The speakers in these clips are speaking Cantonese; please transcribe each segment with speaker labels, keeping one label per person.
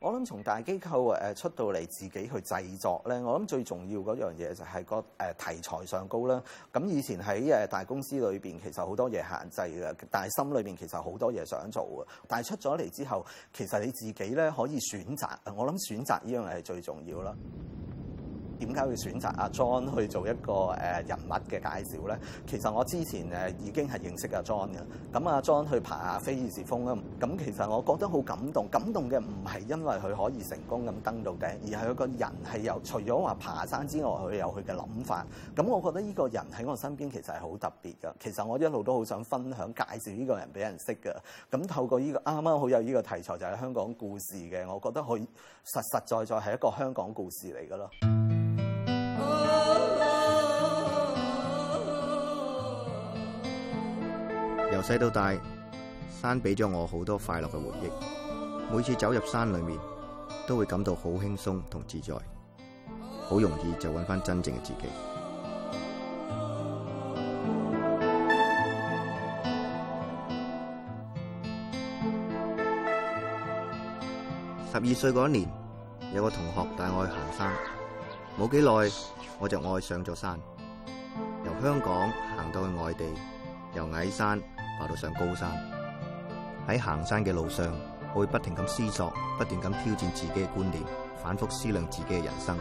Speaker 1: 我諗從大機構誒出到嚟自己去製作呢，我諗最重要嗰樣嘢就係個誒題材上高啦。咁以前喺誒大公司裏邊，其實好多嘢限制嘅，但係心裏邊其實好多嘢想做嘅。但係出咗嚟之後，其實你自己呢可以選擇。我諗選擇依樣嘢係最重要啦。點解會選擇阿 John 去做一個誒人物嘅介紹呢？其實我之前誒已經係認識阿 John 嘅。咁阿 John 去爬菲爾士峰啦，咁其實我覺得好感動。感動嘅唔係因為佢可以成功咁登到頂，而係佢個人係由除咗話爬山之外，佢有佢嘅諗法。咁我覺得呢個人喺我身邊其實係好特別嘅。其實我一路都好想分享介紹呢個人俾人識嘅。咁透過呢、這個啱啱好有呢個題材，就係香港故事嘅，我覺得佢實實在在係一個香港故事嚟㗎咯。由細到大，山俾咗我好多快樂嘅回憶。每次走入山裏面，都會感到好輕鬆同自在，好容易就揾翻真正嘅自己。十二歲嗰年，有個同學帶我去行山，冇幾耐我就愛上咗山。由香港行到去外地，由矮山。爬到上高山，喺行山嘅路上，我會不停咁思索，不斷咁挑戰自己嘅觀念，反覆思量自己嘅人生。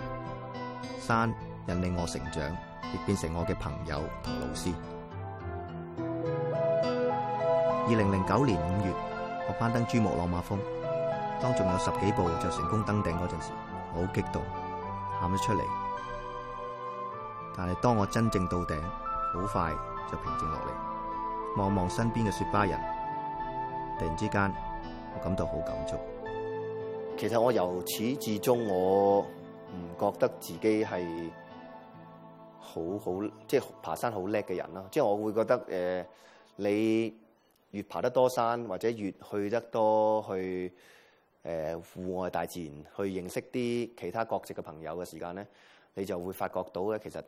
Speaker 1: 山引領我成長，亦變成我嘅朋友同老師。二零零九年五月，我攀登珠穆朗瑪峰，當仲有十幾步就成功登頂嗰陣時，我好激動，喊咗出嚟。但係當我真正到頂，好快就平靜落嚟。望望身邊嘅雪巴人，突然之間我感到好感觸。其實我由始至終我唔覺得自己係好好即係爬山好叻嘅人啦，即係我會覺得誒，你越爬得多山，或者越去得多去誒戶外大自然，去認識啲其他國籍嘅朋友嘅時間咧，你就會發覺到咧，其實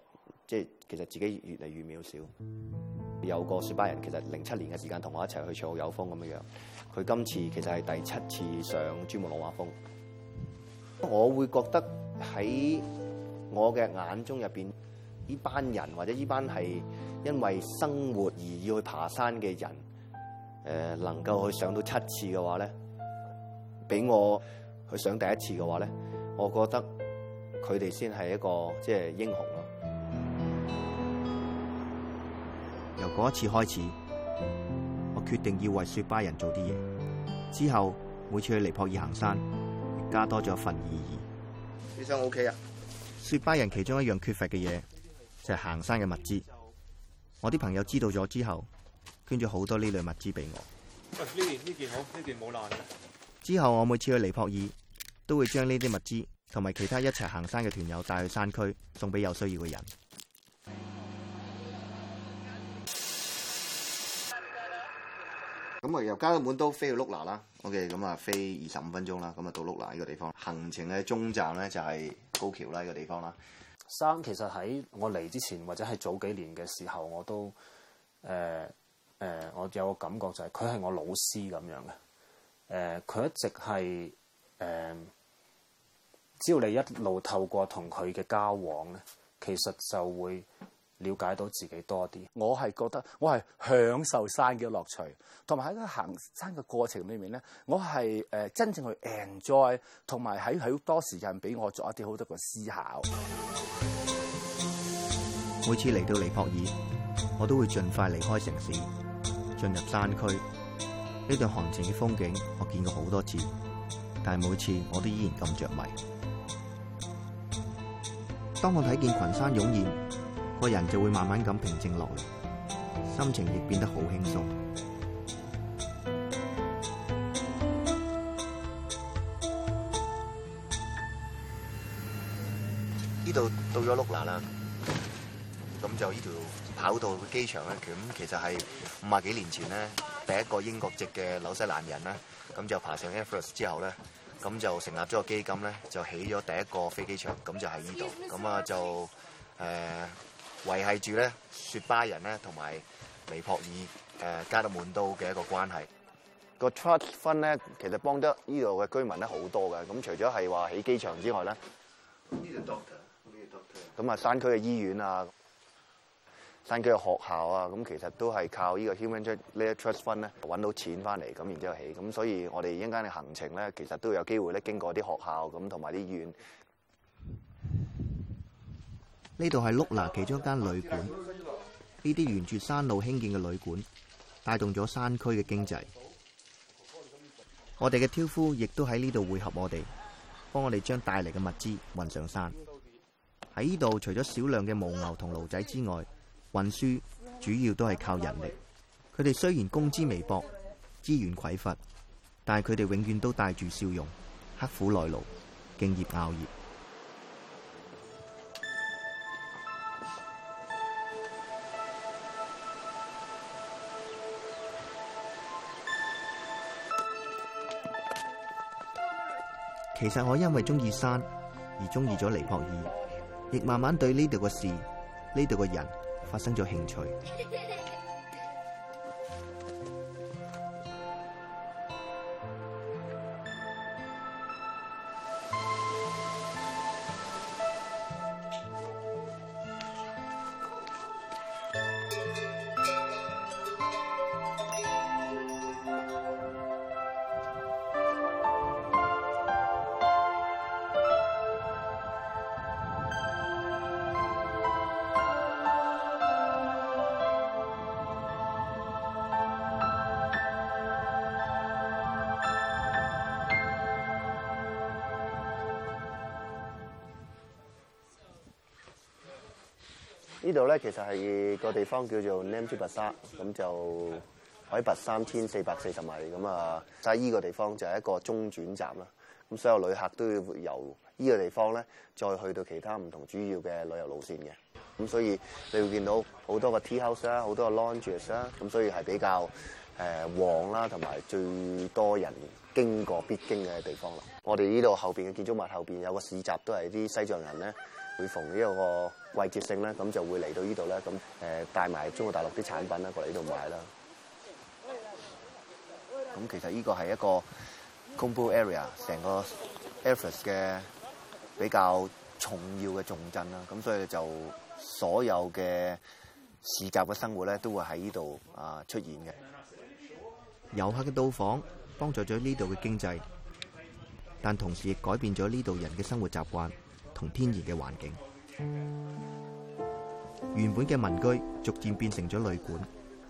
Speaker 1: 即係其實自己越嚟越渺小。有個雪巴人，其實零七年嘅時間同我一齊去卓奧友峰咁樣樣。佢今次其實係第七次上珠穆朗瑪峰。我會覺得喺我嘅眼中入邊，呢班人或者呢班係因為生活而要去爬山嘅人，誒、呃，能夠去上到七次嘅話咧，比我去上第一次嘅話咧，我覺得佢哋先係一個即係、就是、英雄咯。由嗰一次開始，我決定要為雪巴人做啲嘢。之後每次去尼泊爾行山，加多咗份意義。你想我 k 啊？雪巴人其中一樣缺乏嘅嘢就係行山嘅物資。我啲朋友知道咗之後，捐咗好多呢類物資俾我。呢件呢件好，呢件冇爛。之後我每次去尼泊爾，都會將呢啲物資同埋其他一齊行山嘅團友帶去山區，送俾有需要嘅人。咁啊，由加德滿都飛去碌拿啦，OK，咁啊，飛二十五分鐘啦，咁啊到碌拿呢個地方，行程嘅中站咧就係高橋啦呢個地方啦。生其實喺我嚟之前或者係早幾年嘅時候，我都誒誒、呃呃，我有個感覺就係佢係我老師咁樣嘅，誒、呃，佢一直係誒、呃，只要你一路透過同佢嘅交往咧，其實就會。了解到自己多啲，我係覺得我係享受山嘅樂趣，同埋喺行山嘅過程裏面咧，我係誒真正去 enjoy，同埋喺好多時間俾我做一啲好多嘅思考。每次嚟到尼泊爾，我都會盡快離開城市，進入山區。呢段行程嘅風景我見過好多次，但係每次我都依然咁着迷。當我睇見群山湧現，個人就會慢慢咁平靜落嚟，心情亦變得好輕鬆。呢度到咗碌拿啦，咁就呢條跑道嘅機場咧。咁其實係五十幾年前咧，第一個英國籍嘅紐西蘭人咧，咁就爬上 Everest 之後咧，咁就成立咗個基金咧，就起咗第一個飛機場，咁就喺呢度。咁啊就誒。呃維係住咧雪巴人咧同埋尼泊爾誒加德滿都嘅一個關係。個 trust fund 咧，其實幫得呢度嘅居民咧好多嘅。咁除咗係話起機場之外咧，呢個 doctor，呢個 doctor，咁啊山區嘅醫院啊，山區嘅學校啊，咁其實都係靠呢個 human trust 呢一 trust fund 咧揾到錢翻嚟，咁然之後起。咁所以我哋一間嘅行程咧，其實都有機會咧經過啲學校，咁同埋啲醫院。呢度係碌拿其中一間旅館，呢啲沿住山路興建嘅旅館，帶動咗山區嘅經濟。我哋嘅挑夫亦都喺呢度匯合我哋，幫我哋將帶嚟嘅物資運上山。喺呢度，除咗少量嘅犛牛同驢仔之外，運輸主要都係靠人力。佢哋雖然工資微薄，資源匱乏，但係佢哋永遠都帶住笑容，刻苦耐勞，敬業熬業。其實我因為中意山而中意咗尼泊爾，亦慢慢對呢度嘅事、呢度嘅人發生咗興趣。呢度咧其實係個地方叫做 Namche Bazaar，咁就海拔三千四百四十米，咁啊，但係依個地方就係一個中轉站啦。咁所有旅客都要由依、這個地方咧，再去到其他唔同主要嘅旅遊路線嘅。咁所以你會見到好多個 tea house 啦，好多個 laundries 啦，咁所以係比較誒旺啦，同埋最多人經過必經嘅地方啦。我哋呢度後面嘅建築物後面有個市集，都係啲西藏人咧會逢呢、這個季節性咧，咁就會嚟到呢度咧，咁誒帶埋中國大陸啲產品啦，過嚟呢度買啦。咁其實呢個係一個 Khumbu Area 成個 Everest 嘅比較重要嘅重鎮啦。咁所以就所有嘅市集嘅生活咧，都會喺呢度啊出現嘅。遊客嘅到訪幫助咗呢度嘅經濟，但同時亦改變咗呢度人嘅生活習慣同天然嘅環境。原本嘅民居逐漸變成咗旅館，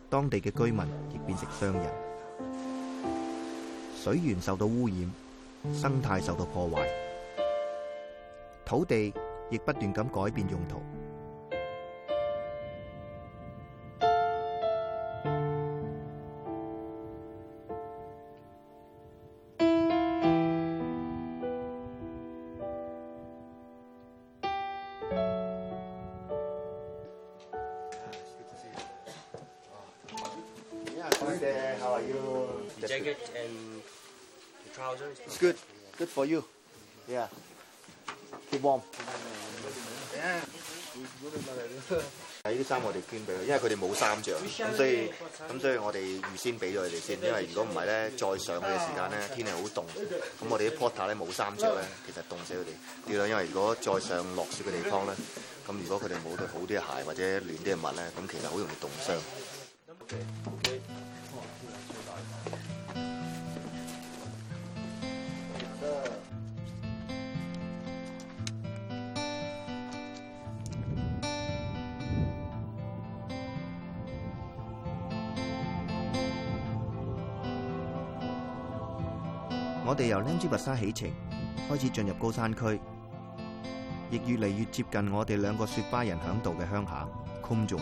Speaker 1: 當地嘅居民亦變成商人。水源受到污染，生態受到破壞，土地亦不斷咁改變用途。Hi，how are you? Jacket and trousers. It's good. Good for you. Yeah. Keep warm. 睇啲衫我哋捐俾佢，因為佢哋冇衫著，咁所以咁所以我哋預先俾咗佢哋先，因為如果唔係咧，再上去嘅時間咧，天氣好凍，咁我哋啲 porter 咧冇衫著咧，其實凍死佢哋。要諗，因為如果再上落雪嘅地方咧，咁如果佢哋冇對好啲嘅鞋或者暖啲嘅襪咧，咁其實好容易凍傷。我哋由孃珠白沙起程，開始進入高山區，亦越嚟越接近我哋兩個雪巴人響度嘅鄉下 Khumjung。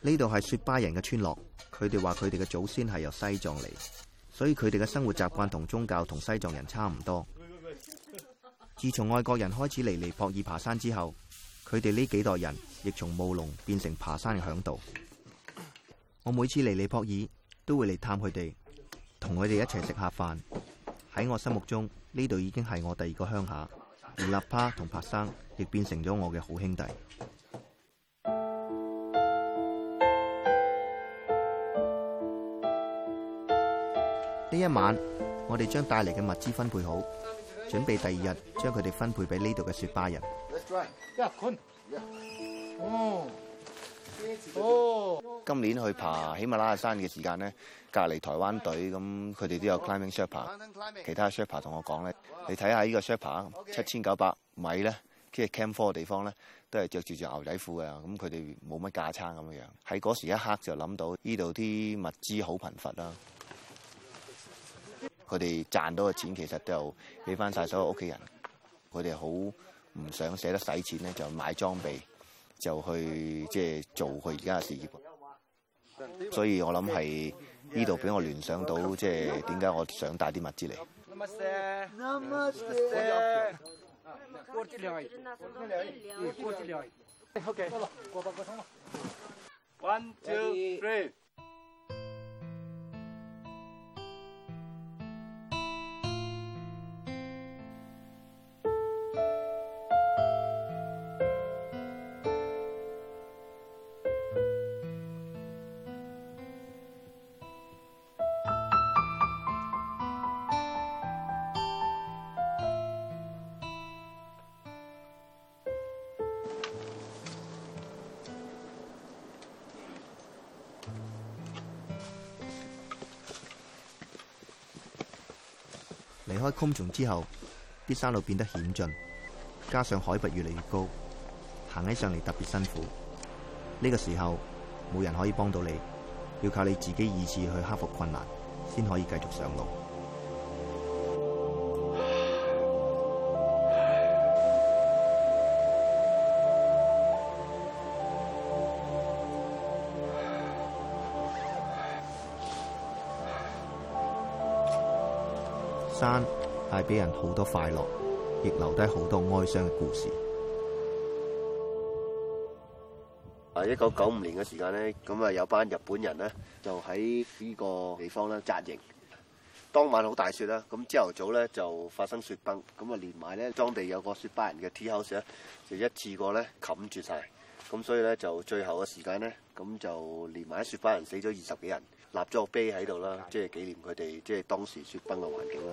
Speaker 1: 呢度係雪巴人嘅村落，佢哋話佢哋嘅祖先係由西藏嚟，所以佢哋嘅生活習慣同宗教同西藏人差唔多。自從外國人開始嚟尼泊爾爬山之後，佢哋呢幾代人亦從務農變成爬山嘅嚮導。我每次嚟尼泊爾都會嚟探佢哋，同佢哋一齊食下飯。喺我心目中，呢度已經係我第二個鄉下。吳立攀同柏生亦變成咗我嘅好兄弟。呢一晚，我哋將帶嚟嘅物資分配好，準備第二日將佢哋分配俾呢度嘅雪巴人。哦！今年去爬喜馬拉雅山嘅時間咧，隔離台灣隊咁，佢哋都有 climbing sherpa 其他跟 sherpa 同我講咧，你睇下呢個 sherpa 七千九百米咧，即係 camp four 嘅地方咧，都係着住住牛仔褲嘅，咁佢哋冇乜架撐咁樣。喺嗰時一刻就諗到依度啲物資好貧乏啦。佢哋賺到嘅錢其實都有俾翻晒所有屋企人，佢哋好唔想捨得使錢咧，就買裝備。就去即係、就是、做佢而家嘅事業，所以我諗係呢度俾我聯想到，即係點解我想帶啲物資嚟。離開空叢之後，啲山路變得險峻，加上海拔越嚟越高，行起上嚟特別辛苦。呢、這個時候，冇人可以幫到你，要靠你自己意志去克服困難，先可以繼續上路。俾人好多快樂，亦留低好多哀傷嘅故事。啊，一九九五年嘅時間咧，咁啊有班日本人咧就喺呢個地方咧紮營。當晚好大雪啦，咁朝頭早咧就發生雪崩，咁啊連埋咧當地有個雪巴人嘅 Tea House，就一次過咧冚住晒，咁所以咧就最後嘅時間咧，咁就連埋雪巴人死咗二十幾人，立咗個碑喺度啦，即係紀念佢哋，即係當時雪崩嘅環境啦。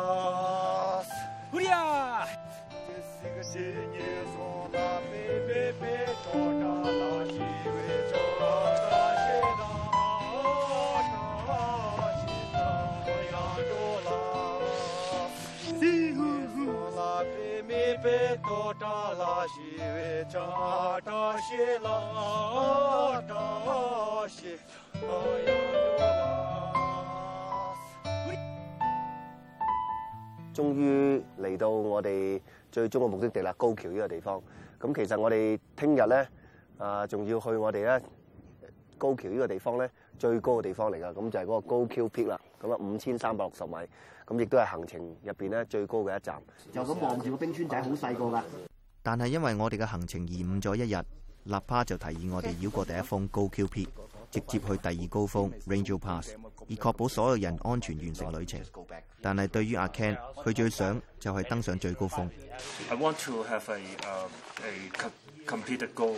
Speaker 1: 終於嚟到我哋最終嘅目的地啦，高橋呢個地方。咁其實我哋聽日咧啊，仲、呃、要去我哋咧高橋呢個地方咧最高嘅地方嚟噶，咁就係嗰個高橋 Peak 啦。咁啊，五千三百六十米，咁亦都係行程入邊咧最高嘅一站。哪就咁望住個冰川仔，啊，好細個噶。嗯嗯但係因為我哋嘅行程延誤咗一日，立帕就提議我哋繞過第一峰高 Q p，直接去第二高峰 Rangeo Pass，以確保所有人安全完成的旅程。但係對於阿 Ken，佢最想就係登上最高峰。I want to have a complete goal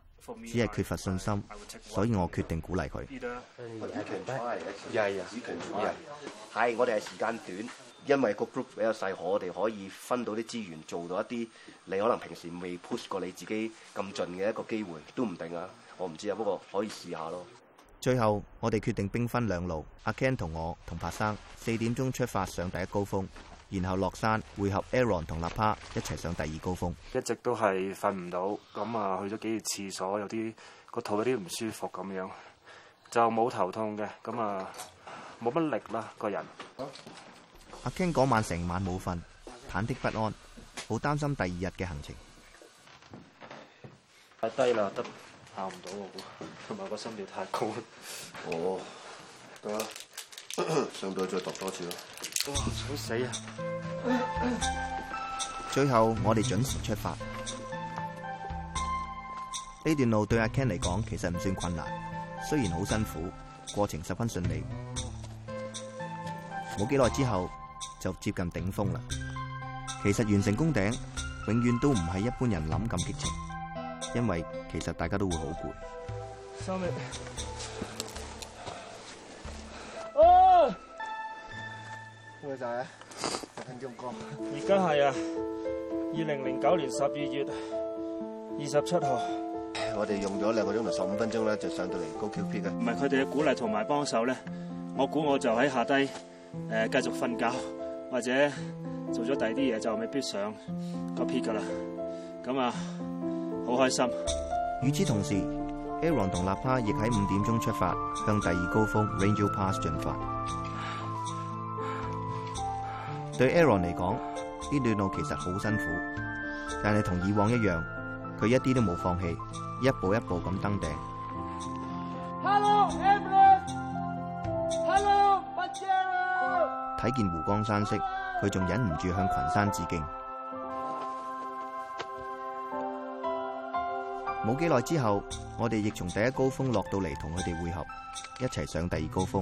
Speaker 1: 只係缺乏信心，所以我決定鼓勵佢。係啊，係我哋係時間短，因為個 group 比較細，可我哋可以分到啲資源，做到一啲你可能平時未 push 過你自己咁盡嘅一個機會都唔定啊。我唔知啊，不過可以試下咯。最後我哋決定兵分兩路，阿 Ken 同我同柏生四點鐘出發上第一高峰。然後落山匯合 Aaron 同立巴一齊上第二高峰，一直都係瞓唔到，咁啊去咗幾次廁所有啲個肚有啲唔舒服咁樣，就冇頭痛嘅，咁啊冇乜力啦個人。阿 Ken 嗰晚成晚冇瞓，忐忑不安，好擔心第二日嘅行程。太低啦，得行唔到，同埋個心跳太高。哦，得。 上到再讀多次咯。哇，好死啊！最後我哋準時出發。呢段路對阿 Ken 嚟講，其實唔算困難，雖然好辛苦，過程十分順利。冇幾耐之後，就接近頂峰啦。其實完成攻頂，永遠都唔係一般人諗咁激情，因為其實大家都會好攰。咩仔啊？十分鐘過。而家係啊，二零零九年十二月二十七號。我哋用咗兩個鐘頭十五分鐘咧，就上到嚟高丘 p 嘅。唔係佢哋嘅鼓勵同埋幫手咧，我估我就喺下低誒繼續瞓覺，或者做咗第二啲嘢就未必上那個 peak 噶啦。咁啊，好開心。與此同時 a a o n 同納帕亦喺五點鐘出發，向第二高峰 Rangeo Pass 進發。對 Aaron 嚟講，呢段路其實好辛苦，但係同以往一樣，佢一啲都冇放棄，一步一步咁登頂。Hello，Aaron！Hello，Battello！睇見湖光山色，佢仲忍唔住向群山致敬。冇幾耐之後，我哋亦從第一高峰落到嚟，同佢哋匯合，一齊上第二高峰。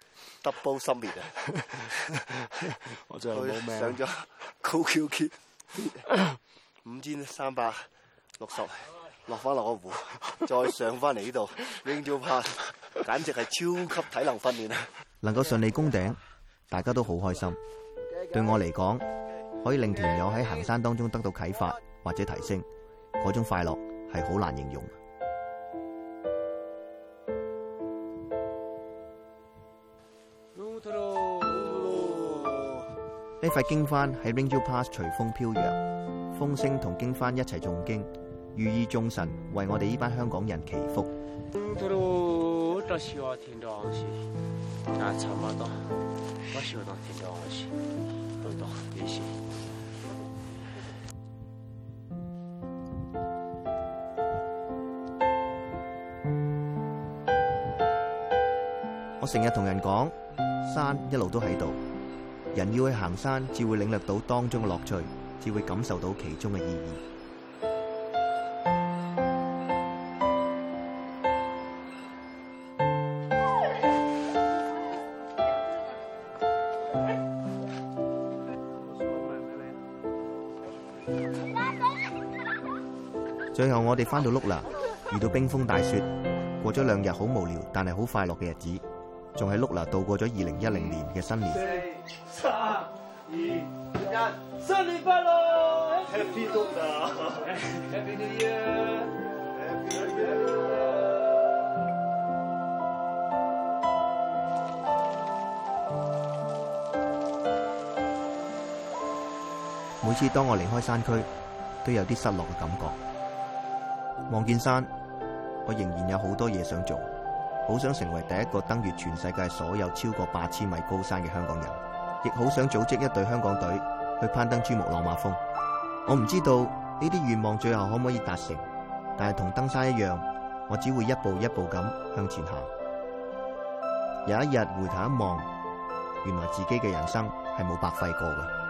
Speaker 1: double summit 啊！ 我仲係冇命。上咗 q Q Q 五千三百六十落翻落個湖，再上翻嚟呢度，wing 簡直係超級體能訓練啊！能夠順利攻頂，大家都好開心。對我嚟講，可以令團友喺行山當中得到啟發或者提升，嗰種快樂係好難形容。塊經幡喺 Ringo Pass 隨風飄揚，風聲同經幡一齊誦經，寓意眾神為我哋呢班香港人祈福。我成日同人講，山一路都喺度。人要去行山，至會領略到當中嘅樂趣，至會感受到其中嘅意義。最後我哋返到碌啦，遇到冰封大雪，過咗兩日好無聊，但係好快樂嘅日子。仲喺碌啦度過咗二零一零年嘅新年。四三二一，新年快樂！Happy Lucka，Happy New Year，Happy New Year。每次當我離開山區，都有啲失落嘅感覺。望見山，我仍然有好多嘢想做。好想成為第一個登越全世界所有超過八千米高山嘅香港人，亦好想組織一隊香港隊去攀登珠穆朗瑪峰。我唔知道呢啲願望最後可唔可以達成，但係同登山一樣，我只會一步一步咁向前行。有一日回頭一望，原來自己嘅人生係冇白費過嘅。